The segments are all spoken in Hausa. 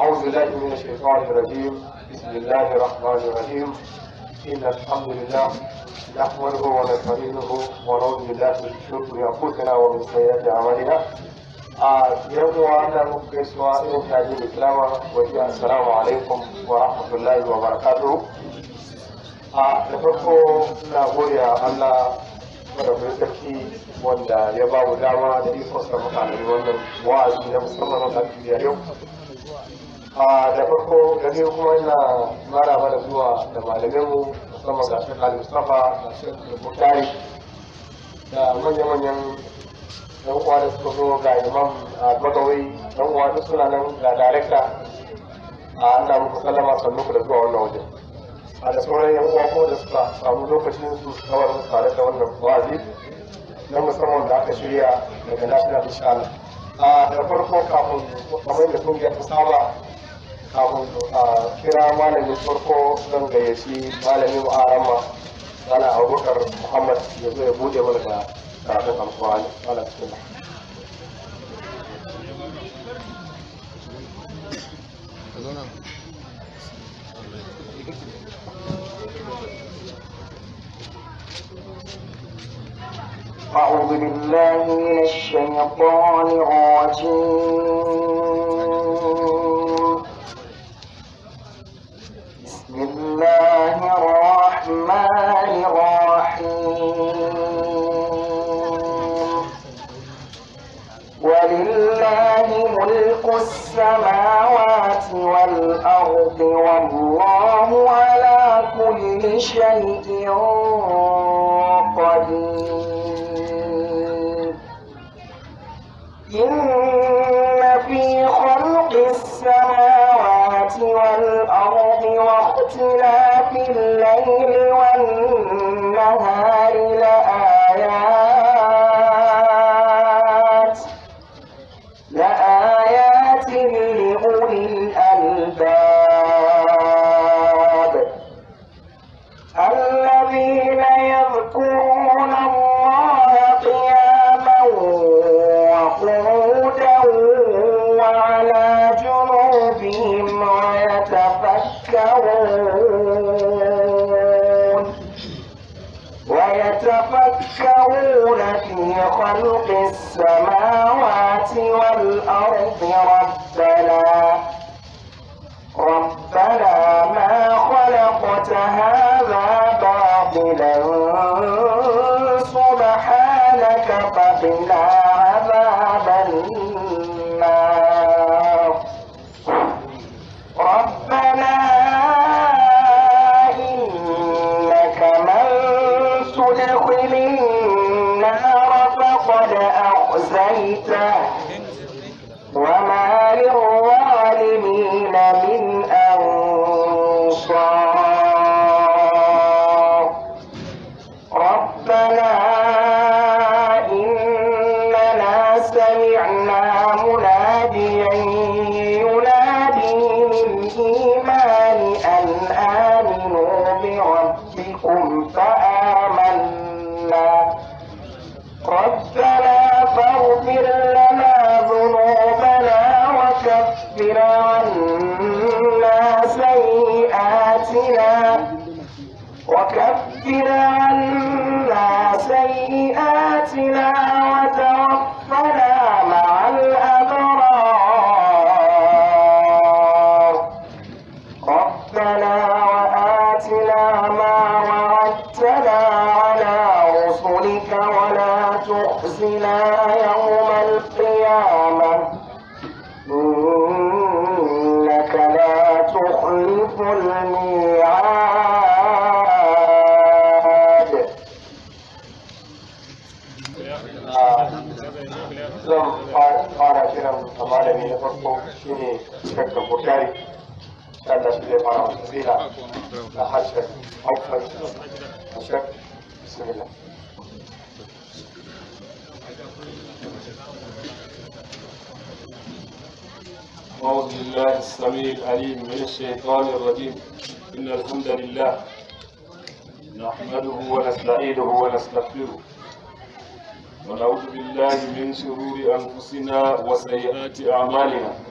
أعوذ بالله من الشيطان الرجيم بسم الله الرحمن الرحيم إن الحمد لله نحمده ونستعينه ونعوذ بالله من شرور أنفسنا ومن سيئات أعمالنا يرجو أن نقص وإنتاج الإسلام وجه السلام عليكم ورحمة الله وبركاته da farko na gode Allah madafin sarki wanda ya ba mu dama da ikon sa muka wannan wa'azi na musamman a yau da farko da biyu kuma ina maraba da zuwa da malaminmu musamman ga shi al-mustafa da shekar bukari da manya-manyan yan uwa da suka zo ga imam magawai yan uwa da suna nan ga darekta a an damu muku sallama sannu ku da zuwa wannan wajen a da sauran yan uwa ko da suka samu lokacin su su kawar su tare da wannan wazi na musamman da aka shirya daga national inshallah a da farko kafin kamar da kungiyar ta saba kafin a kira malamin farko zan gayyaci malamin arama sana abubakar muhammad ya zo ya bude mana da karatun alkuwani ala suna أعوذ بالله من الشيطان الرجيم الله الرحمن الرحيم ولله ملك السماوات والأرض والله على كل شيء قدير إن في خلق السماوات والأرض اختلاف الليل والنهار لآيات محشش مفحش مشك بسم الله أعوذ بالله السميع العليم من الشيطان الرجيم إن الحمد لله نحمده ونستعينه ونستغفره ونعوذ بالله من شرور أنفسنا وسيئات أعمالنا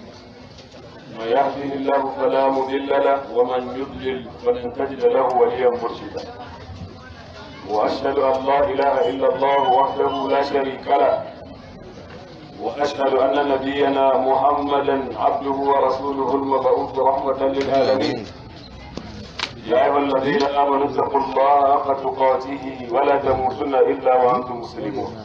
من يهده الله فلا مضل له ومن يضلل فلن تجد له وليا مرشدا واشهد ان لا اله الا الله وحده لا شريك له واشهد ان نبينا محمدا عبده ورسوله المبعوث رحمه للعالمين يا ايها الذين امنوا اتقوا الله حق تقاته ولا تموتن الا وانتم مسلمون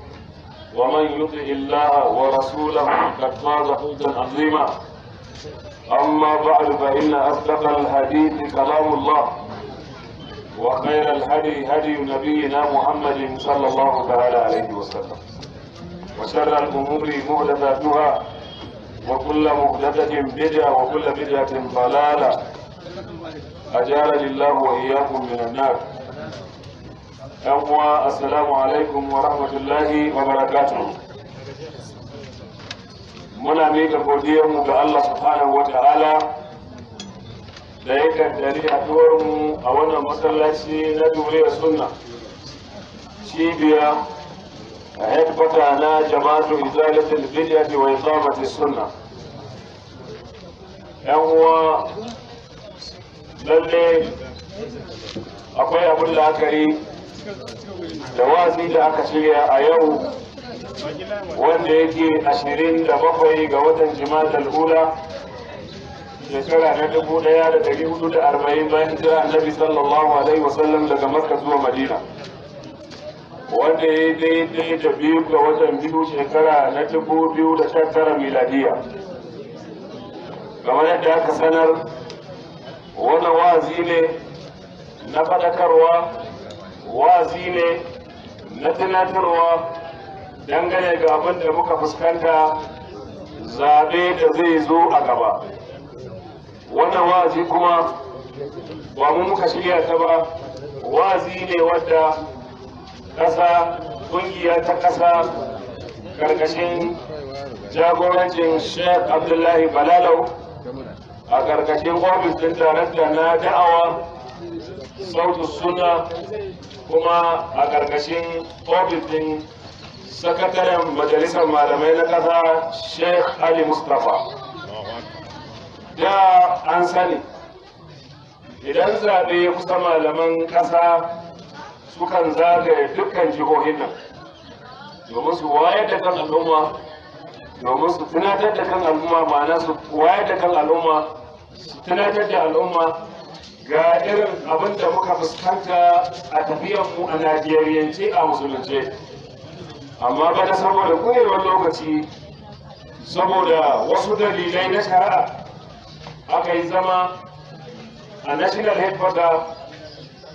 ومن يطع الله ورسوله قد فاز فوزا عظيما اما بعد فان اصدق الحديث كلام الله وخير الهدي هدي نبينا محمد صلى الله تعالى عليه وسلم وشر الامور محدثاتها وكل محدثه بدعه وكل بدعه ضلاله اجارني الله واياكم من النار السلام عليكم ورحمة الله وبركاته منا ميكا بودية مكا الله سبحانه وتعالى دائكا داري أدورم أولا مسلسي ندوري السنة شيبيا أهد بطانا جماعة إزالة البلية وإظامة السنة يوم للي أقوي أبو الله كريم da wazi da aka shirya a yau wanda yake ashirin da bakwai ga watan jima'ar hula shekara na dubu daya da dari hudu da arba'in bayan jira annabi sallallahu alaihi wasallam daga maka zuwa madina wanda ya daidai da biyu ga watan biyu shekara na dubu biyu da tattara miladiya kamar yadda aka sanar wani wazi ne na faɗakarwa wazi ne na tunatarwa dangane ga abin da muka fuskanta zaɓe da zai zo a gaba wannan wazi kuma ba mu muka shirya ta ba wazi ne wadda ƙasa ƙungiya ta ƙasa ƙarƙashin jagorancin sheikh abdullahi balalau a ƙarƙashin ofis ɗin darakta na da'awa sautu suna kuma a ƙarƙashin ofis ɗin sakataren majalisar malamai na ƙasa sheikh ali mustapha da an sani idan zaɓe kusa malaman ƙasa sukan zagaye dukkan jihohin nan domin su wayar da kan al'umma domin su tunatar da kan al'umma ma'ana su wayar da kan al'umma su tunatar da al'umma ga irin abin da muka fuskanta a tafiyar mu a najeriyance a musulunce amma ba ta da saboda lokaci saboda wasu dalilai na shari'a aka yi zama a national headquarter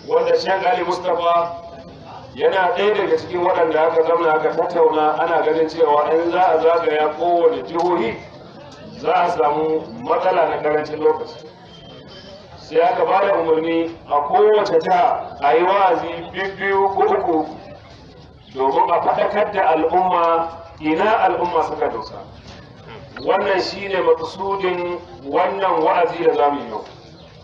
wanda shan ali mustapha yana ɗaya daga cikin waɗanda aka zama aka tattauna ana ganin cewa in za a zagaya kowane jihohi za a samu matsala na karancin lokaci sai aka ba da umarni a kowace ta a yi wa'azi biyu ko uku domin a faɗakar da al'umma ina al'umma suka dosa wannan shine maksudin wannan wa'azi da zamu yi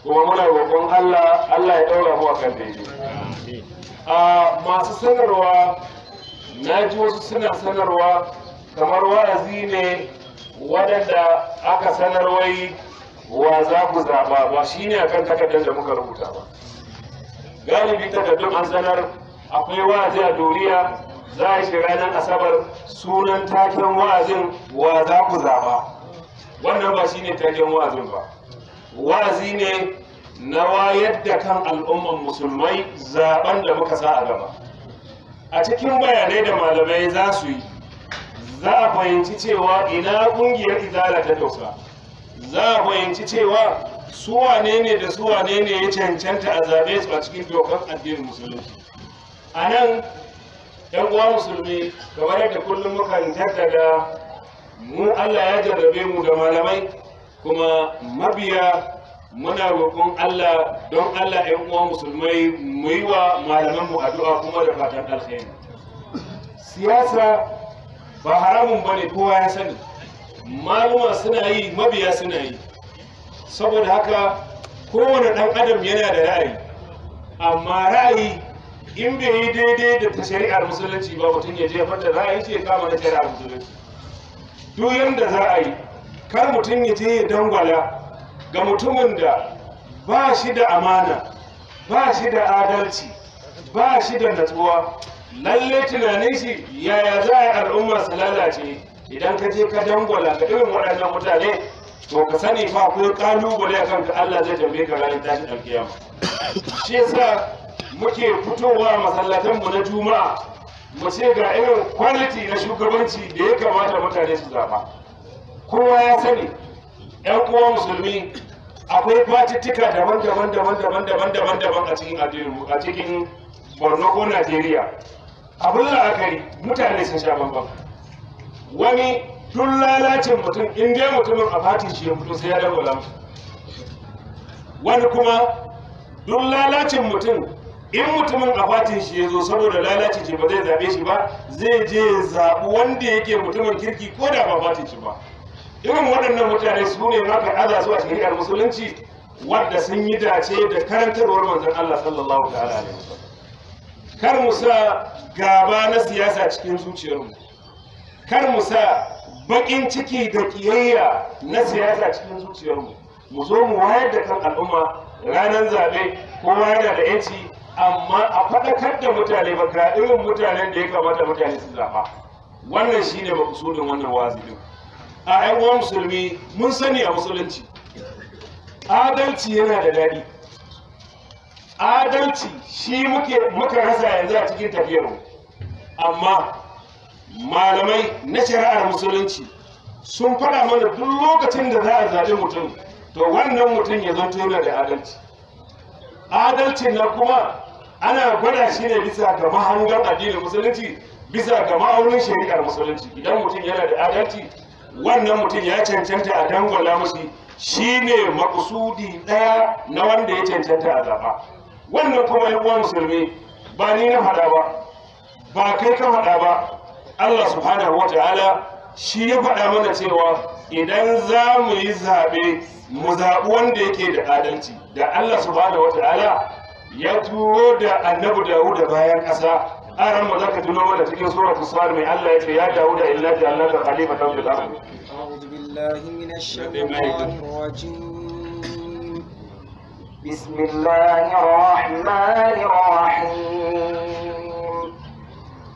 kuma muna roƙon Allah Allah ya ɗaura mu a kan daidai a masu sanarwa na ji wasu suna sanarwa kamar wa'azi ne waɗanda aka sanarwai wa za ku zaɓa ba shi ne a kan takardar da muka rubuta ba galibin takardun an sanar akwai wa'azi a doriya za a shi ranar asabar sunan taken wa'azin wa za ku zaɓa wannan ba shi ne taken wa'azin ba wa'azi ne na wayar da kan al'umman musulmai zaben da muka sa a gaba a cikin bayanai da malamai za su yi za a fahimci cewa ina ƙungiyar izala ta dosa za a fahimci cewa su wane ne da su ne ya cancanta a zaɓe su a cikin dokar addinin musulunci a nan yan uwa musulmi kamar yadda kullum mukan da mu Allah ya jarrabe mu da malamai kuma mabiya muna roƙon Allah don Allah yan uwa musulmai mu yi wa malaman mu addu'a kuma da fatan alheri siyasa ba haramun ba ne, kowa ya sani maluma suna yi mabiya suna yi saboda haka kowane ɗan adam yana da ra'ayi amma ra'ayi in bai yi daidai da ta shari'ar musulunci ba mutum ya jefar da ra'ayi ce kama na shari'ar musulunci duk yadda za a yi kar mutum ya je ya dangwala ga mutumin da ba shi da amana ba shi da adalci ba shi da natsuwa lalle tunanin shi yaya za a yi al'ummar su lalace idan ka je ka dangwala ka irin waɗannan mutane to ka sani fa akwai ƙalubale a kanka Allah zai tambaye ka ranar tashin alkiyama shi yasa muke fitowa masallatan mu na juma'a mu ce ga irin kwaliti na shugabanci da ya kamata mutane su zaba kowa ya sani yan uwa musulmi akwai fatittika daban-daban daban-daban daban-daban daban a cikin a cikin Borno ko Najeriya abin la'akari mutane sun sha bambam wani tun lalacin mutum in mutumin a fatin shi ya fito sai ya dangwala lamfa wani kuma tun lalacin mutum in mutumin a fatin shi ya zo saboda lalaci ce ba zai zaɓe shi ba zai je ya zaɓi wanda yake mutumin kirki ko da ba fatin shi ba irin waɗannan mutane su ne maka aza su a shari'ar musulunci wadda sun yi dace da karantarwar manzon Allah sallallahu ta'ala alaihi kar mu sa gaba na siyasa cikin zuciyarmu kar mu sa bakin ciki da kiyayya na siyasa cikin zuciyarmu mu zo mu wayar da kan al'umma ranar zaɓe ko wayar da yanci amma a faɗakar da mutane ba ga irin mutanen da ya kamata mutane su zaɓa wannan shine makusudin wannan wazilin a ƴan musulmi mun sani a musulunci adalci yana da daɗi adalci shi muke muka rasa yanzu a cikin tafiyarmu amma malamai na shari'ar musulunci sun faɗa mana duk lokacin da za a zaɓi mutum to wannan mutum ya zanto yana da adalci adalci na kuma ana gwada shi ne bisa ga mahangar addinin musulunci bisa ga ma'aunin shari'ar musulunci idan mutum yana da adalci wannan mutum ya cancanta a dangwala mashi shi ne makusudi ɗaya na wanda ya cancanta a zaɓa wannan kuma yan uwan musulmi ba ni na haɗa ba ba kai ka haɗa ba Allah subhanahu wa ta'ala shi ya faɗa mana cewa idan za mu yi zaɓe mu zaɓi wanda yake da adalci da Allah subhanahu wa ta'ala ya turo da annabi Dawud bayan ƙasa aran mu zaka tuno wanda cikin suratul sar mai Allah ya ce ya Dawud illa ta Allah ta khalifa ta fil ardh a'udhu billahi minash shaitanir rajim bismillahir rahmanir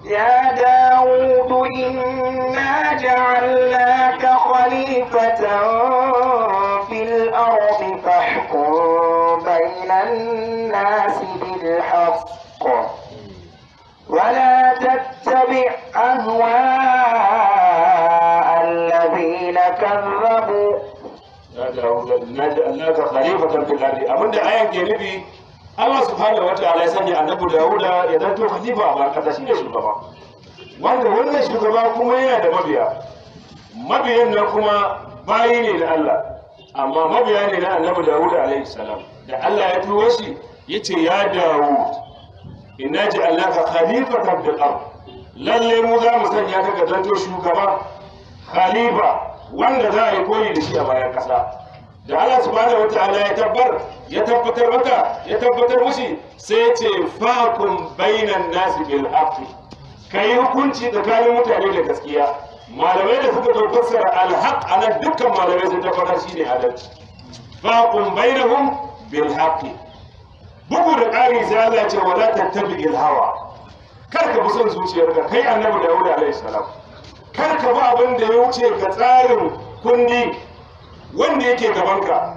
يا داود إنا جعلناك خليفة في الأرض فاحكم بين الناس بالحق ولا تتبع أهواء الذين كذبوا يا داود إنا جعلناك خليفة في الأرض أمن دعاية جانبي Allah subhanahu wataala ya sanya annabi Dawuda ya zanto khalifa a bayan kasa shine shugaba wanda wannan shugaba kuma yana da mabiya mabiyan nan kuma bayi ne da Allah amma mabiya ne na annabi Dawuda alayhi salam da Allah ya turo shi yace ya Dawud inna ja'alnaka khalifatan fil ard lalle mu za mu sanya ka zanto shugaba khalifa wanda za a yi koyi da shi a bayan kasa da Allah subhanahu wataala ya tabbar ya tabbatar maka ya tabbatar mushi sai ya ce fakum bainan nasi bil haqqi kai hukunci tsakanin mutane da gaskiya malamai da suka fassara al haqq anan dukkan malamai sun tabbatar ne adalci fakum bainahum bil haqqi bugu da ƙari sai Allah ya ce wala tattabi'il hawa kar ka bi son zuciyarka kai annabi Dawud alaihi salam kar ka bi abin da ya wuce ga tsarin kundi wanda yake gabanka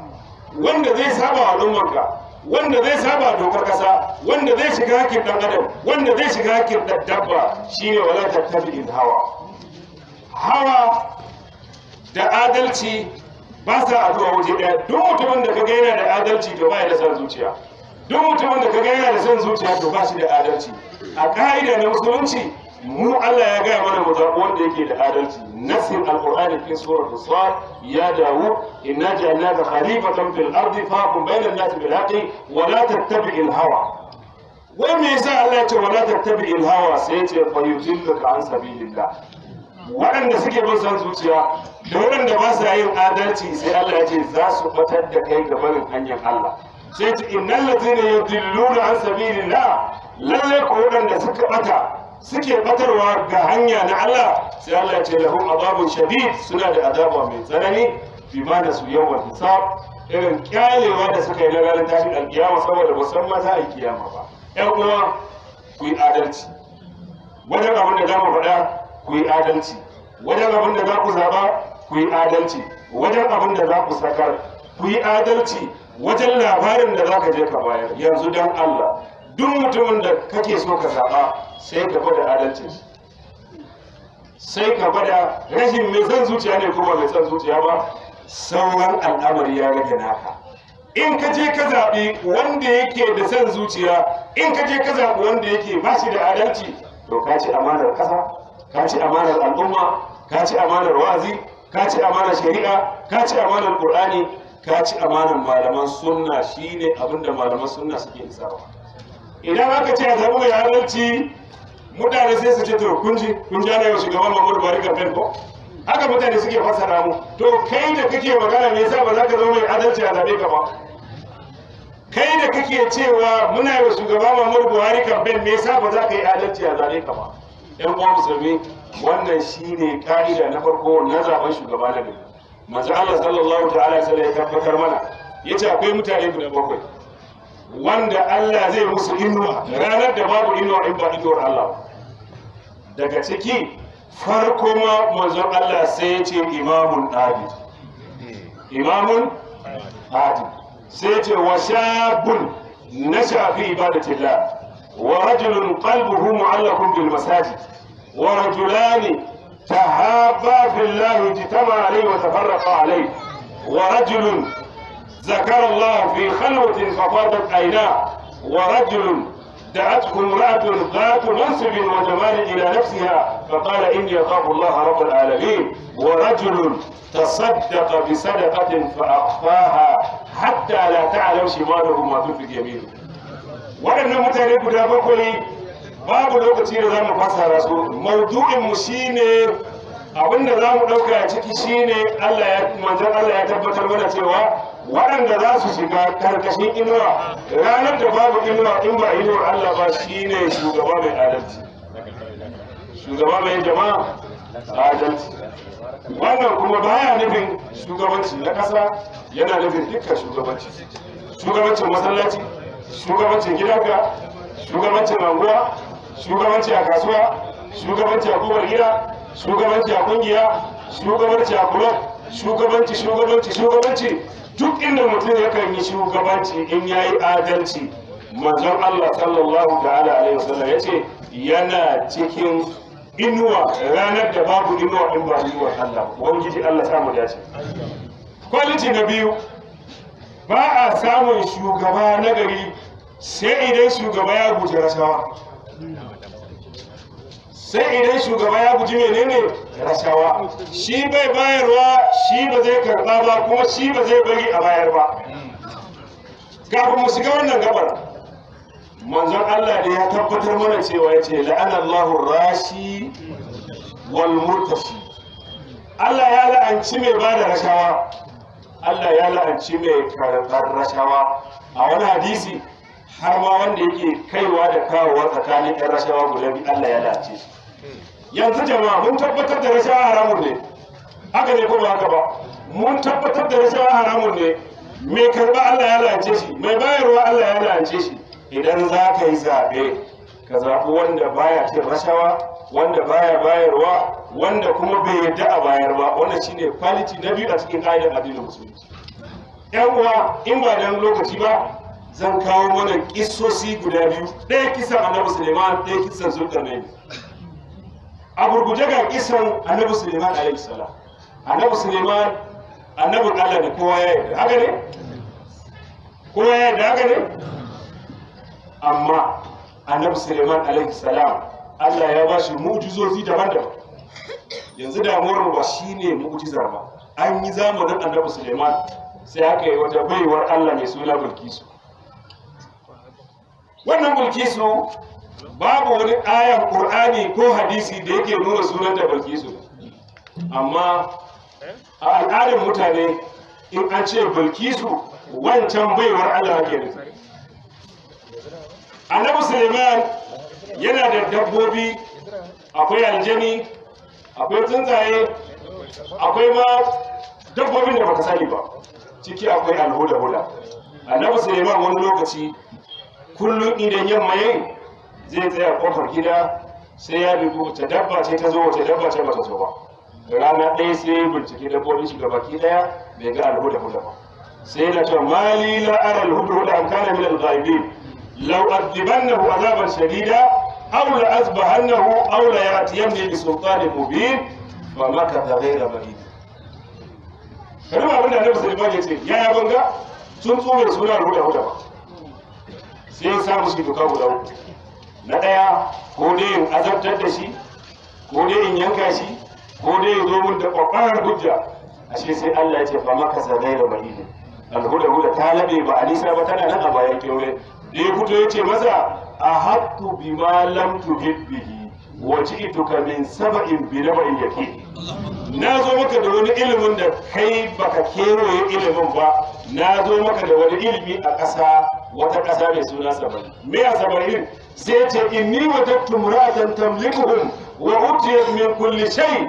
wanda zai saba wa al'ummanka wanda zai saba dokar kasa wanda zai shiga hakkin dan adam wanda zai shiga hakkin dabba shine wala tattabi'il hawa hawa da adalci ba sa addu'a waje ɗaya duk mutumin da kaga yana da adalci to ba ya da san zuciya duk mutumin da kaga yana da san zuciya to ba shi da adalci a ka'ida na musulunci mu Allah ya gaya mana mu zaɓi wanda yake da adalci nasir alqur'ani fi surat as-sad ya dawo inna ja'alnaka khalifatan fil ardi fahkum bainan nasi bil haqqi wa la tattabi'il hawa wai me yasa Allah ya ce wala tattabi'il hawa sai ya ce fa yudillaka an sabilillah waɗanda suke bin son zuciya da waɗanda ba sa yin adalci sai Allah ya ce za su batar da kai ga barin hanyar Allah sai ce innal ladina yudilluna an sabilillah lalle ko waɗanda suka bata suke batarwa ga hanya na Allah sai Allah ya ce lahum azabun shadid suna da azaba mai tsanani ma da su yawa hisab irin kyalewa da suka yi na tashin alkiyama saboda musamman za a yi ba Ƴan uwa ku yi adalci wajen abin da za mu faɗa ku yi adalci wajen abin da za ku zaɓa ku yi adalci wajen abin da za ku sakar ku yi adalci wajen labarin da za ka je ka bayar yanzu don Allah duk mutumin da kake so ka zaɓa sai ka gwada adalcin sai ka bada rashin mai zan zuciya ne ko ba mai zan zuciya ba sauran al'amari ya rage naka in ka je ka zaɓi wanda yake da zan zuciya in ka je ka zaɓi wanda yake ba shi da adalci to ka ci amanar ƙasa ka ci amanar al'umma ka ci amanar wa'azi ka ci amanar shari'a ka ci amanar ƙur'ani ka ci amanar malaman sunna shine abinda malaman sunna suke isarwa idan aka ce a mai yaranci mutane sai su ce to kun ji kun ji ana yau shugaban Muhammadu Buhari kamfen ko haka mutane suke fasara mu to kai da kake magana me yasa ba za ka zama mai adalci a zabe ka ba kai da kake cewa muna wa shugaba Muhammadu Buhari kamfen me yasa ba za ka yi adalci a zabe ka ba ɗan uwa musulmi wannan shi ne ƙa'ida na farko na zaben shugaba da gari manzo Allah sallallahu ta'ala alaihi wasallam ya tabbatar mana yace akwai mutane guda bakwai wanda Allah zai musu inuwa ranar da babu inuwa in ba inuwar Allah daga ciki farko ma manzon Allah sai ya ce imamul abid imamul abid sai ya ce wa shabun na shafi ibadatillah wa rajulun qalbuhu mu'allaqun bil masajid wa rajulani tahabba fillahi jitama alayhi wa tafarraqa alayhi wa rajulun ذكر الله في خلوة ففاضت عيناه ورجل دعته امرأة ذات منصب وجمال إلى نفسها فقال إني أخاف الله رب العالمين ورجل تصدق بصدقة فأخفاها حتى لا تعلم شماله ما تنفق يمينه وأنا متهيألي قد أقول باب لو كتير زعم فاسها رسول موضوع مشين أبن زعم لو كتير شين الله يتمنى الله يتبتل waɗanda za su shiga karkashin inuwa ranar da babu inuwa in ba yi nuwa Allah ba shi ne shugaba mai adalci shugaba mai jama'a adalci wannan kuma baya nufin shugabanci na ƙasa yana nufin dukkan shugabanci shugabancin masallaci shugabancin gidanka shugabancin anguwa shugabanci a kasuwa shugabanci a kowar gida shugabanci a kungiya shugabanci a kulob shugabanci shugabanci shugabanci duk inda mutum yakan yi shugabanci in ya yi adalci manzon Allah sallallahu ta'ala alaihi wasallam ya ce yana cikin inuwa ranar da babu inuwa in ba wa Allah ubangiji Allah samu dace kwaliti na biyu ba a samun shugaba na gari sai idan shugaba ya guji rasawa sai idan shugaba ya guji menene rashawa shi bai bayarwa shi ba zai karba ba kuma shi ba zai bari a bayar ba kafin mu shiga wannan gabar manzon Allah da ya tabbatar mana cewa ya ce la'ana rashi wal murtashi Allah ya la'anci mai ba da rashawa Allah ya la'anci mai karɓar rashawa a wani hadisi har ma wanda yake kaiwa da kawowa tsakanin 'yan rashawa guda biyu Allah ya la'anci shi yanzu jama'a mun tabbatar da rashawa haramun ne haka ne kuma haka ba mun tabbatar da rashawa haramun ne mai karba Allah ya lance shi mai bayarwa Allah ya lance shi idan za ka yi zaɓe ka zaɓi wanda baya cin rashawa wanda baya bayarwa wanda kuma bai yadda a bayar ba wanda shine kwaliti na biyu a cikin ƙa'idar addinin musulunci yan uwa in ba dan lokaci ba zan kawo mana kisosi guda biyu ɗaya kisan annabi suleiman ɗaya kisan zulkarnaini a gurguje ga kisan annabi suleiman alaihi salam annabi suleiman annabi allah ne kowa ya yarda haka ne kowa ya yarda haka ne amma annabi suleiman alaihi salam allah ya ba shi mu'jizozi daban-daban yanzu damuwar ba shine mu'jizar ba an yi zamanin annabi suleiman sai aka yi wata baiwar allah mai suna bulkisu wannan bulkisu babu wani ayan ƙur'ani ko hadisi da yake nuna sunan da su amma a al'adar mutane in an ce bilkisu wancan baiwar Allah ke nufi annabi suleiman yana da dabbobi akwai aljani akwai tsuntsaye akwai ma dabbobin da baka sani ba ciki akwai alhuda huda annabi suleiman wani lokaci kullum idan yamma yayi zai tsaya kofar gida sai ya dubi wata dabba ce ta zo wata dabba ce bata zo ba rana ɗaya sai ya bincike dabbobin shi gabaki ɗaya bai ga alhuda huda ba sai yana cewa mali la ara alhuda huda an kana min al-ghaibin law adhibannahu azaban shadida aw la azbahannahu aw la yatiyanni bi sultanin mubin fa makatha ghayra balid kalma abin da annabi sallallahu alaihi wasallam ya banga sun tsore suna alhuda huda ba sai ya samu shi doka guda uku na ɗaya ko dai in azabtar da shi ko dai in yanka shi ko dai in zo mun da ƙwaƙwarar hujja ashe sai Allah ya ce fa maka sadai da bahidin alhuda huda ta laɓe ba a nisa ba tana nan a bayan kyaure da ya fito ya ce maza a haɗu bi ma lam tuhid bihi wa ji'tuka min saba'in bi naba'in yake? na zo maka da wani ilimin da kai baka kewaye ilimin ba na zo maka da wani ilimi a ƙasa wata ƙasa mai suna saba'in me a saba'in sai ce inni wajadtu imra'atan tamlikuhum wa utiyat min kulli shay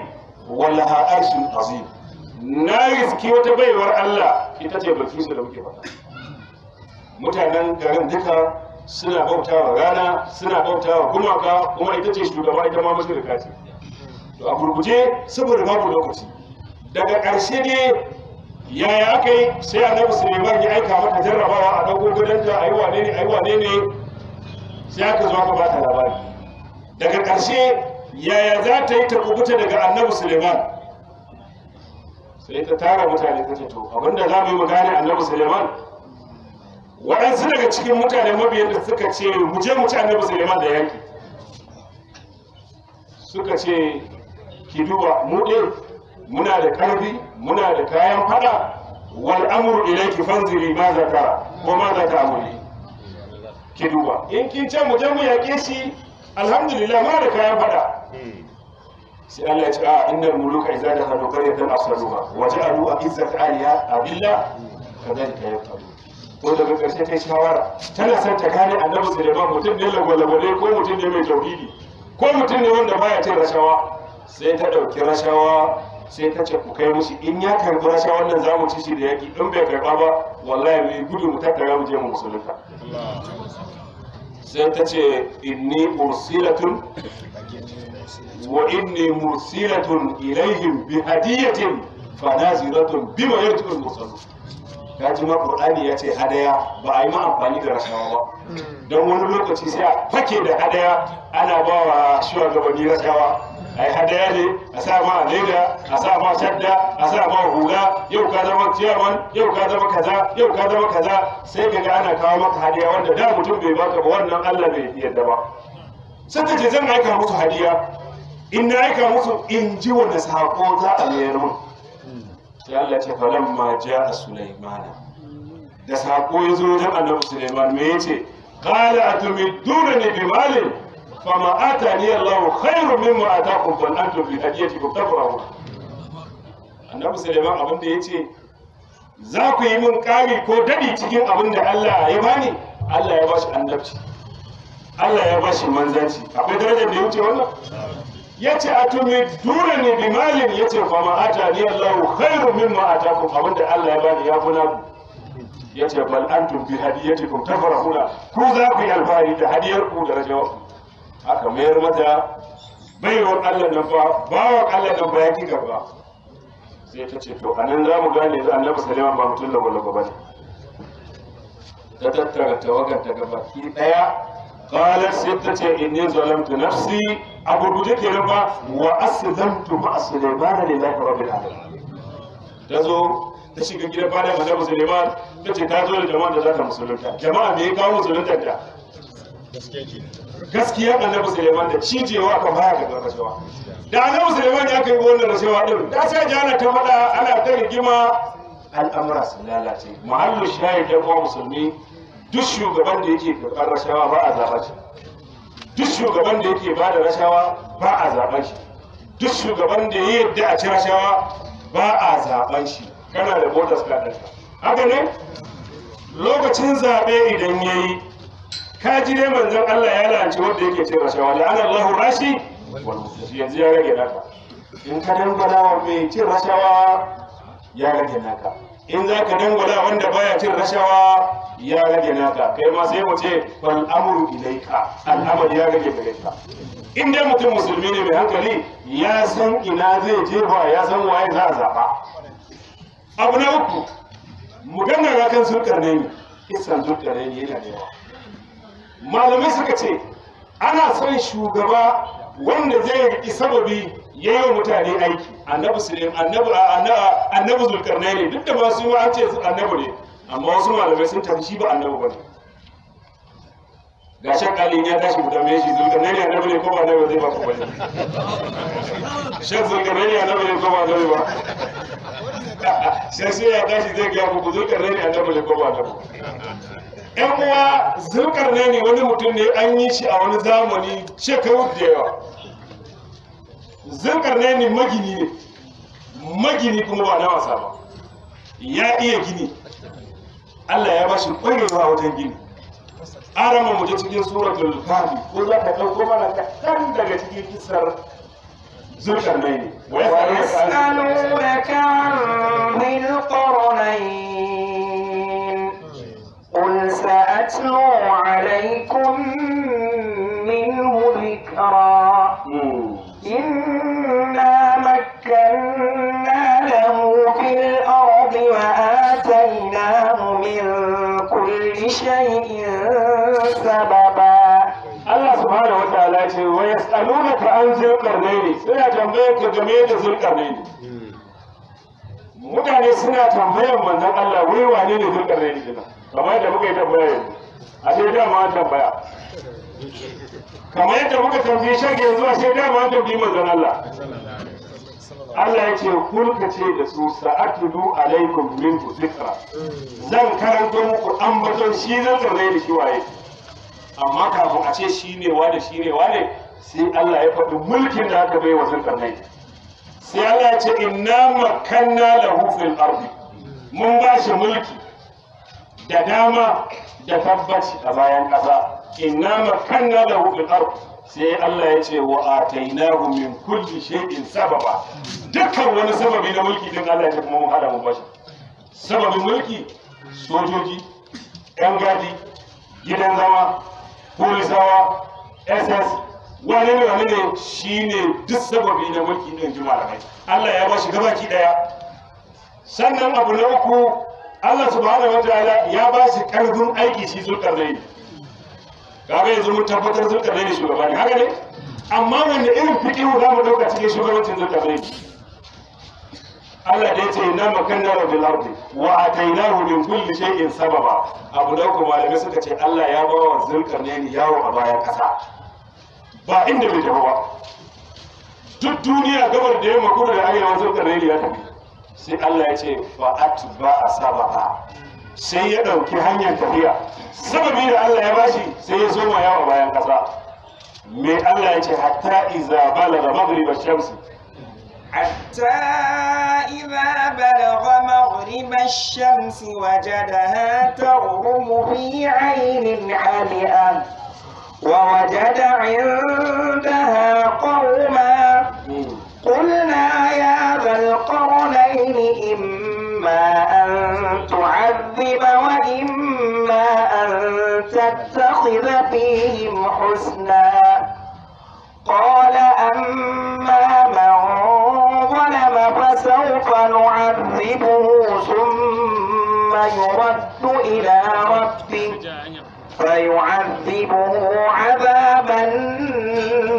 wa laha arshun azim na riski wata baiwar Allah ita ce su da muke faɗa mutanen garin duka suna bautawa rana suna bautawa gumaka kuma ita ce shugaba ita ma mushrika rikaci to a gurguje saboda babu lokaci daga ƙarshe ne yaya aka yi sai annabi Sulaiman ya aika mata jarrabawa a dago gudanta ayi wane ne ayi wane ne sai aka zo aka bata labari daga ƙarshe yaya za ta yi ta kubuta daga annabi suleiman sai ta tara mutane ta to abinda za mu yi magana annabi suleiman waɗansu daga cikin mutane mabiyan da suka ce mu je mu ci annabi suleiman da yaki suka ce ki duba mu ɗin muna da ƙarfi muna da kayan fada wal amru ilayki fanziri ma zaka ko ma zaka amuri ki duba in kin ce mu je mu yaƙe shi alhamdulillah ma da kayan fada sai Allah ya ce a inda muluka idza da hadu kare dan ariya wa ja'alu izzat aliya ka kadalika yaqulu ko da daga karshe kai shawara tana son ta gane annabi sulaiman mutum ne lagwalagwale ko mutum ne mai tauhidi ko mutum ne wanda baya cin rashawa sai ta ɗauki rashawa sai ta ce ku kai mushi in ya karɓi rashawa nan za mu ci shi da yaƙi in bai karɓa ba wallahi mai gudu mu tattara mu je mu musulunta sai ta ce inni mursilatun wa inni mursilatun ilaihim bi hadiyatin fa naziratun bima yarji'ul mursal ka ji ma qur'ani ya ce hadaya ba a yi ma amfani da rashawa ba hmm. don wani lokaci sai a fake da hadaya ana ba wa shugabanni rashawa Ayi hadaya ne a sa ma leda a sa ma shadda a sa ma hula yau ka zama ciyarwan yau ka zama kaza yau ka zama kaza sai ka ga ana kawo maka hadiya wanda da mutum bai baka ba wannan Allah bai yarda ba sai ta ce zan aika musu hadiya in na aika musu in ji wanda sako za a mayar mun sai Allah ce falan ma a sulaiman. da sako ya zo wajen Annabi Sulaiman me yace qala atumiduna bi malin fama atani Allahu khairu mimma atakum fa antum bi hajiyatikum tafrahu annabi Sulaiman abin da yace za ku yi min ƙari ko dadi cikin abin da Allah ya bani Allah ya bashi annabci Allah ya bashi manzanci akwai darajar da ya wuce wannan yace atumi durani bi malin yace fama atani Allahu khairu mimma atakum abin da Allah ya bani ya fi naku yace bal antum bi hadiyatikum tafrahuna ku za ku yi alfahari da hadiyar ku da rajawar aka mayar mata baiwar Allah nan ba, bawan Allah nan ba ya ki gaba sai ta ce to anan za mu gane yanzu annabi sallallahu ba mutum lawa lawa bane ta tattara tawagar ta gaba ki daya qalat sai ta ce inni zalamtu nafsi abu guje ke nan rufa wa aslamtu ba sulaimana lillahi rabbil alamin ta zo ta shiga gidan fadar annabi sulaiman ta ce ta zo da jama'a da za ta musulunta jama'a me ya kawo musulunta Gaskiya annabi suleiman da cijewa kan baya daga rashawa da annabi suleiman ya kai wannan rashawa din da sai ji ana ta faɗa ana ta rigima al'amura sun lalace muhallu shahid da kuma musulmi duk shugaban da yake karɓar rashawa ba a zaɓa shi duk shugaban da yake ba da rashawa ba a zaɓa shi duk shugaban da ya yadda a ci rashawa ba a zaɓan shi kana da motar ka haka ne lokacin zaɓe idan ya yi ka ji dai manzon Allah ya lalace wanda yake cewa shawa wa ana Allahu rashi yanzu ya rage naka in ka dangwala wa mai cin rashawa ya rage naka in za ka dangwala wanda baya cin rashawa ya rage naka kai ma sai mu ce bal amru ilaika al'amari ya rage gare ka in dai mutum musulmi ne mai hankali ya san ina zai ba ya san waye za a zaba abu na uku mu gangara kan sulkar ne isan sulkar ne yana da yawa malamai suka ce ana son shugaba wanda zai yi sababi ya yi wa mutane aiki annabi sulim annabi annabi zulkarnai ne duk da ba su an ce annabi ne amma wasu malamai sun tafi shi ba annabi ba ga shan kalin ya tashi mu dame shi zulkarnai ne annabi ne ko ba annabi zai ba ku bane shan zulkarnai ne annabi ne ko ba annabi ba sai sai ya tashi zai gaya ku zulkarnai ne annabi ne ko ba annabi yan uwa zulkarne ne wani mutum ne an yi shi a wani zamani shekaru da yawa zulkarne ne magini ne magini kuma ba na wasa ba ya iya gini Allah ya bashi ƙwarewa wajen gini arama mu je cikin al kahfi ko za ka ɗauko mana kaɗan daga cikin kisar zulkarne ne wa yasalunaka min qarnayn نتلو عليكم منه ذكرا إنا مكنا له في الأرض وآتيناه من كل شيء سببا الله سبحانه وتعالى ويسألونك عن ذي القرنين سيا جمعيك جميل ذي القرنين مدعني سنة تنظيم من ذا الله ويواني ذي القرنين kamar yadda muka yi tambaya yanzu a sai dama an tambaya kamar yadda muka tambayi shage yanzu a sai dama an tambayi manzon Allah Allah ya ce kulka ce da su sa'atudu alaikum min dhikra zan karanto muku ambaton shi zan zare da shi waye amma kafin a ce shi ne wane shi ne wane sai Allah ya faɗi mulkin da aka bai wa zulkarnai sai Allah ya ce inna makanna lahu fil ardi mun ba shi mulki da dama da tabbaci a bayan ƙasa inna makanna lahu fil ard sai Allah ya ce wa atainahu min kulli shay'in sababa dukkan wani sababi na mulki din Allah ya kuma mun hada mu bashi sababin mulki sojoji yan gadi gidan zama polisawa ss wani ne wani ne ne duk sababi na mulki din jima'a Allah ya bashi gabaki daya sannan abu na uku Allah subhanahu wataala ya ba shi karfin aiki shi zulkarnain kaga yanzu mun tabbatar zulkarnain shugaba ne haka ne amma wanda irin fiqihu za mu dauka cikin shugabancin zulkarnain Allah da yace inna makanna rabbil ardi wa atainahu min kulli shay'in sababa abu da kuma malamai suka ce Allah ya ba wa ne yawo a bayan kasa ba inda bai tafi ba duk duniya gabar da yamma kudu da arewa zulkarnain ya tafi sai Allah ya ce ba a saba ba. sai ya ɗauki hanyar tafiya sababi da Allah ya bashi sai ya zo yawa bayan ƙasa. me Allah ya ce hatta iza balaga maghriba shamsi حتى إذا بلغ مغرب الشمس وجدها تغرم في عين عمئة ووجد عندها قوما قلنا القرنين إما أن تعذب وإما أن تتخذ فيهم حسنا قال أما من ظلم فسوف نعذبه ثم يرد إلى ربه فيعذبه عذابا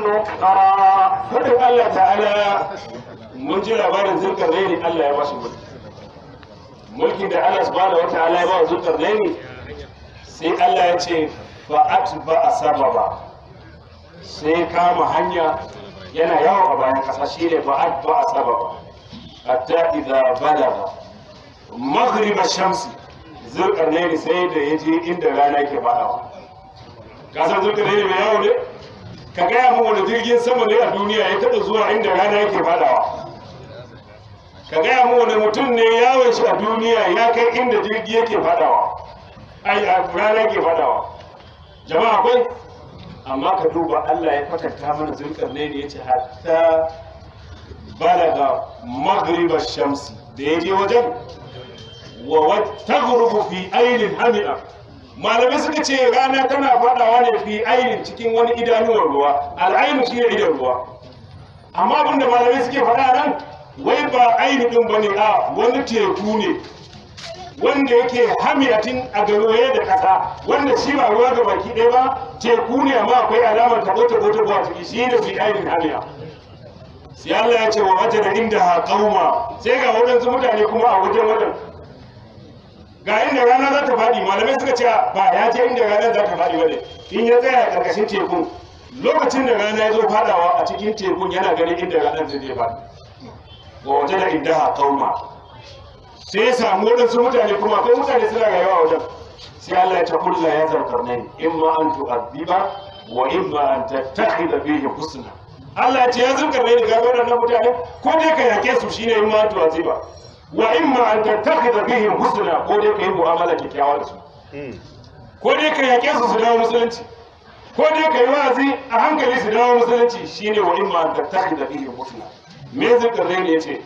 نكرا Allah Ta'ala mun ji labarin zulkar zaini Allah ya bashi mulki mulkin da Allah subhanahu wataala ya ba zulkar zaini sai Allah ya ce fa'at ba a sababa sai kama hanya yana yawo a bayan kasa shi ne fa'at ba a sababa hatta idza balagha maghrib ash-shamsi zulkar zaini sai da yaje inda rana ke fadawa kasar zulkar zaini mai yawo ne ka gaya mu wani jirgin sama ne a duniya ya taɓa zuwa inda rana yake fadawa ka gaya mu wani mutum ne yawon shi a duniya ya kai inda jirgi yake fadawa ai a ranar ke fadawa jama'a akwai amma ka duba Allah ya fakanta mana zirkar ne ya ce hatta balaga maghriba shamsi da ya je wajen wa taghrubu fi ainihin hamia malamai suka ce rana tana fadawa ne fi ainihin cikin wani idanuwar ruwa al'ainu shi ne idan ruwa amma abinda malamai suke faɗa nan wai ba aini ba bane a wani teku ne wanda yake hamiyatin a garoye da ƙasa wanda shi ba ruwa ga baki ɗaya ba teku ne amma akwai alamar tabo tabo tabo a ciki shi da fi ainihin hamiya sai Allah ya ce wa wajen da inda ha kauma sai ga waɗansu mutane kuma a wajen wajen ga inda rana za ta faɗi malamai suka ce ba ya je inda rana za ta faɗi ba in ya tsaya a ƙarƙashin teku lokacin da rana ya zo faɗawa a cikin tekun yana ganin inda rana zai faɗi wa da indaha kauma sai ya samu waɗansu mutane kuma akwai mutane suna rayuwa a wajen sai Allah ya takulla ya zarkar nai in ma an tu'addiba wa in ma an tattakhidha bihi husna Allah ya ce ya zarkar nai ga waɗannan mutane ko dai ka yake su shine in ma an tu'addiba wa in ma an tattakhidha bihi husna ko dai ka yi mu'amala kyakkyawa da su ko dai ka yake su su dawo musulunci ko dai ka yi wa'azi a hankali su dawo musulunci shine wa in ma an tattakhidha bihi husna me zakar ne ya ce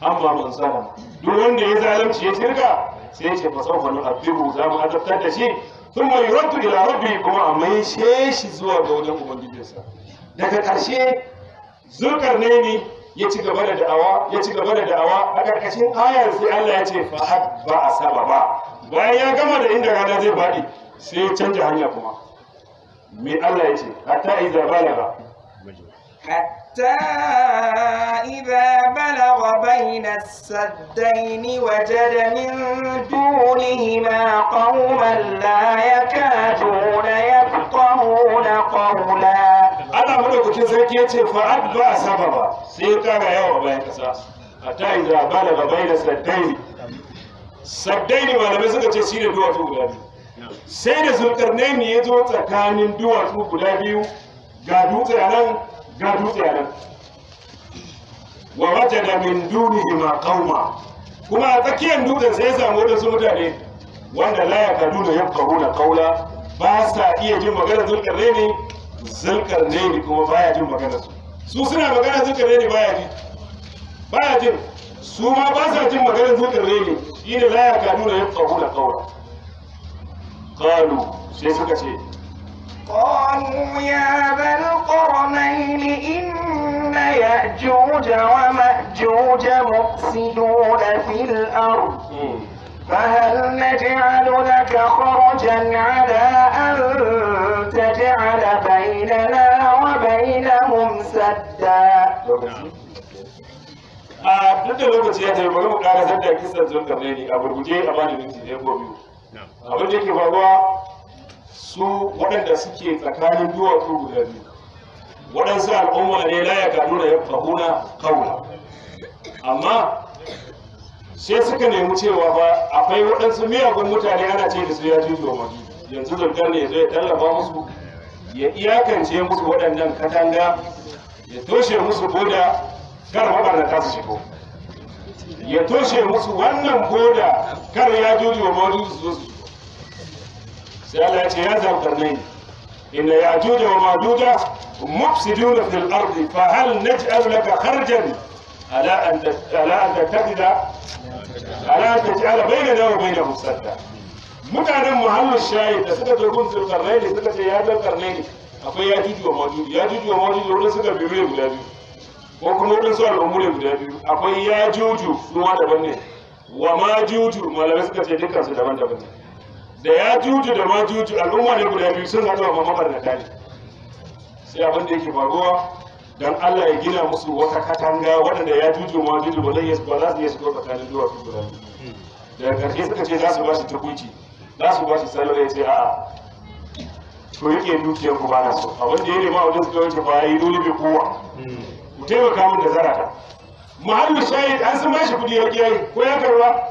ba mu sama duk wanda ya zalunci ya shirka sai ya ce fasawfa nu abihu za mu azabtar da shi thumma yuraddu ila rabbi kuma a mai sheshi zuwa ga wajen ubangijinsa daga ƙarshe zukar ne ne ya ci gaba da da'awa ya ci gaba da da'awa a ƙarƙashin ayar sai Allah ya ce fa ba a saba ba bayan ya gama da inda rana zai baɗi sai ya canja hanya kuma me Allah ya ce hatta iza ba. حتى إذا بلغ بين السدين وجد من دونهما قوما لا يكادون يفقهون قولا Allah madaukakin sarki ya ce fa'ad ba sababa sai ya kara bayan kasa a ta yi zabala ga bayan saddaini saddaini malamai suka ce shine duwatsu guda biyu sai da zulkarnaini ya zo tsakanin duwatsu guda biyu ga dutse nan ga dutse nan wa wajada min ma qauma kuma a tsakiyar dutsen sai ya samu wadansu mutane wanda la ya kaduna yafqahuna qawla ba sa iya jin magana ne, zulkarnaini zulkarnaini kuma ba ya jin magana su su suna magana zulkarnaini baya ji ya jin su ma ba sa jin magana zulkarnaini shine la ya kaduna yafqahuna qawla qalu sai suka ce قالوا يا ذا القرنين إن يأجوج ومأجوج مفسدون في الأرض فهل نجعل لك خرجا على أن تجعل بيننا وبينهم سدا a duk da lokaci ya tafi bari mu karasar da kisan zurgar ne a gurguje a bani minti ne ko biyu abin da ke faruwa su waɗanda suke tsakanin duwatsu guda biyu waɗansu al'umma ne la ya gano da ya fahuna kawula amma sai suka nemi cewa ba akwai waɗansu miyagun mutane ana ce da su ya ji domin yanzu zargar ne zai tallafa musu ya iyakance musu waɗannan katanga ya toshe musu boda kar waɗanda su shigo ya toshe musu wannan boda kar ya juji wa su zo su سأل يذهب قرنين إن يأجوج وماجوج مفسدون في الأرض فهل نجعل لك خرجا ألا أن ألا أن تتخذ ألا أن تجعل بيننا وبينهم سدا متعنا مهل الشايب سكة تكون في القرنين سكة يأجوج القرنين أقول يأجوج وماجوج يأجوج وماجوج لولا سكة بيبيع ملابي وكم يقول سؤال أمور ملابي أقول يأجوج سوا دبني وماجوج ملابي سكة يأجوج سوا دبني da ya juju da ma juju al'umma ne guda biyu sun haɗu amma da ne sai abin da yake faruwa dan Allah ya gina musu wata katanga waɗanda ya juju ma juju ba zai ba za su iya shiga tsakanin duwatsu guda biyu daga ƙarshe suka ce za su ba shi takuici za su ba shi salo ya ce a'a to yake dukiyar ku bana so abin da ya nema wajen suka wuce ba yi dole bai kowa ku taimaka min da zarata muhallin shayi an sun ba shi kuɗi ya ƙi ko ya karba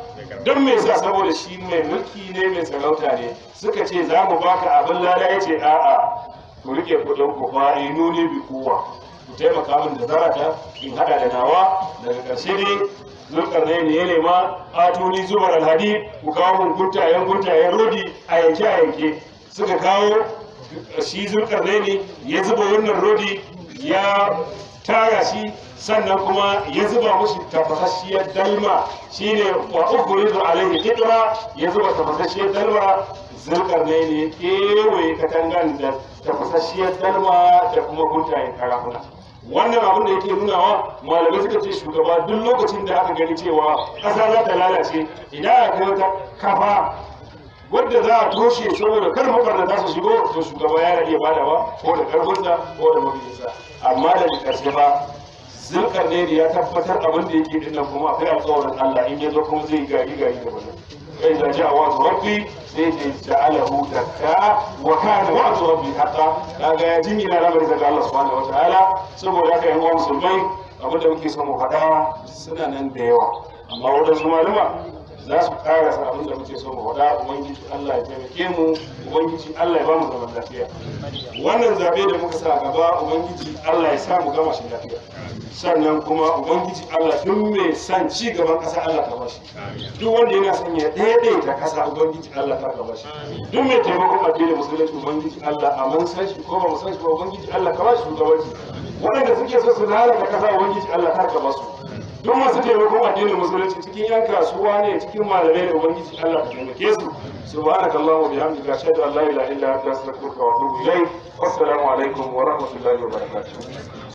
don me sa saboda shi mai mulki ne mai sarauta ne suka ce za mu ba baka abin lada ya ce a'a ku rike kudin ku fa inu eh, ne bi kowa ku taimaka min da zarata in hada da nawa daga ƙarshe ne zulkarnai ne ya nema atuni zubar alhadi ku kawo mun guntayen guntayen rodi a yanke a yanke suka kawo shi zulkarnai ne ya zuba wannan rodi ya tara shi sannan kuma ya zuba mushi tafasasshiyar dalma shine wa ufuridu alaihi kidra ya zuba tafasasshiyar dalma zirgar ne ne kewaye katangan da tafasasshiyar dalma da kuma guntayen karafuna wannan abin da yake nuna wa malamai suka ce shugaba duk lokacin da aka gani cewa ƙasa za ta lalace idan aka wata kafa wadda za a toshe saboda kar ta su shigo su shugaba ya iya badawa ko da karfinsa ko da mabiyinsa amma da karshe ba zulkar ne ya tabbatar abin da yake dinnan kuma akwai alƙawarin Allah in ya kuma zai gari gari da gaba kai da ji a wasu rabbi sai da da ka wa kana wasu rabbi haqa ga ya jingina ramar da Allah subhanahu ala saboda haka yan uwan musulmai abin da muke so mu faɗa suna nan da yawa amma wadansu malama za su karasa abin da muke so mu wada ubangiji Allah ya taimake mu ubangiji Allah ya ba mu zaman lafiya wannan zabe da muka sa gaba ubangiji Allah ya sa mu gama shi lafiya sannan kuma ubangiji Allah duk mai san ci gaban ƙasa Allah ta bashi duk wanda yana son ya ta ƙasa ubangiji Allah ta bashi duk mai taimakon addini musulunci ubangiji Allah a mun san shi ko ba mu san shi ba ubangiji Allah ka bashi shugabanci da suke so su lalata ƙasa ubangiji Allah ta basu duk masu taimakon addinin musulunci cikin yan kasuwa ne cikin malamai da ubangiji Allah ka taimake su subhanakallahu wa bihamdika ashhadu an la ilaha illa anta astaghfiruka wa atubu ilayk assalamu alaikum wa rahmatullahi wa barakatuh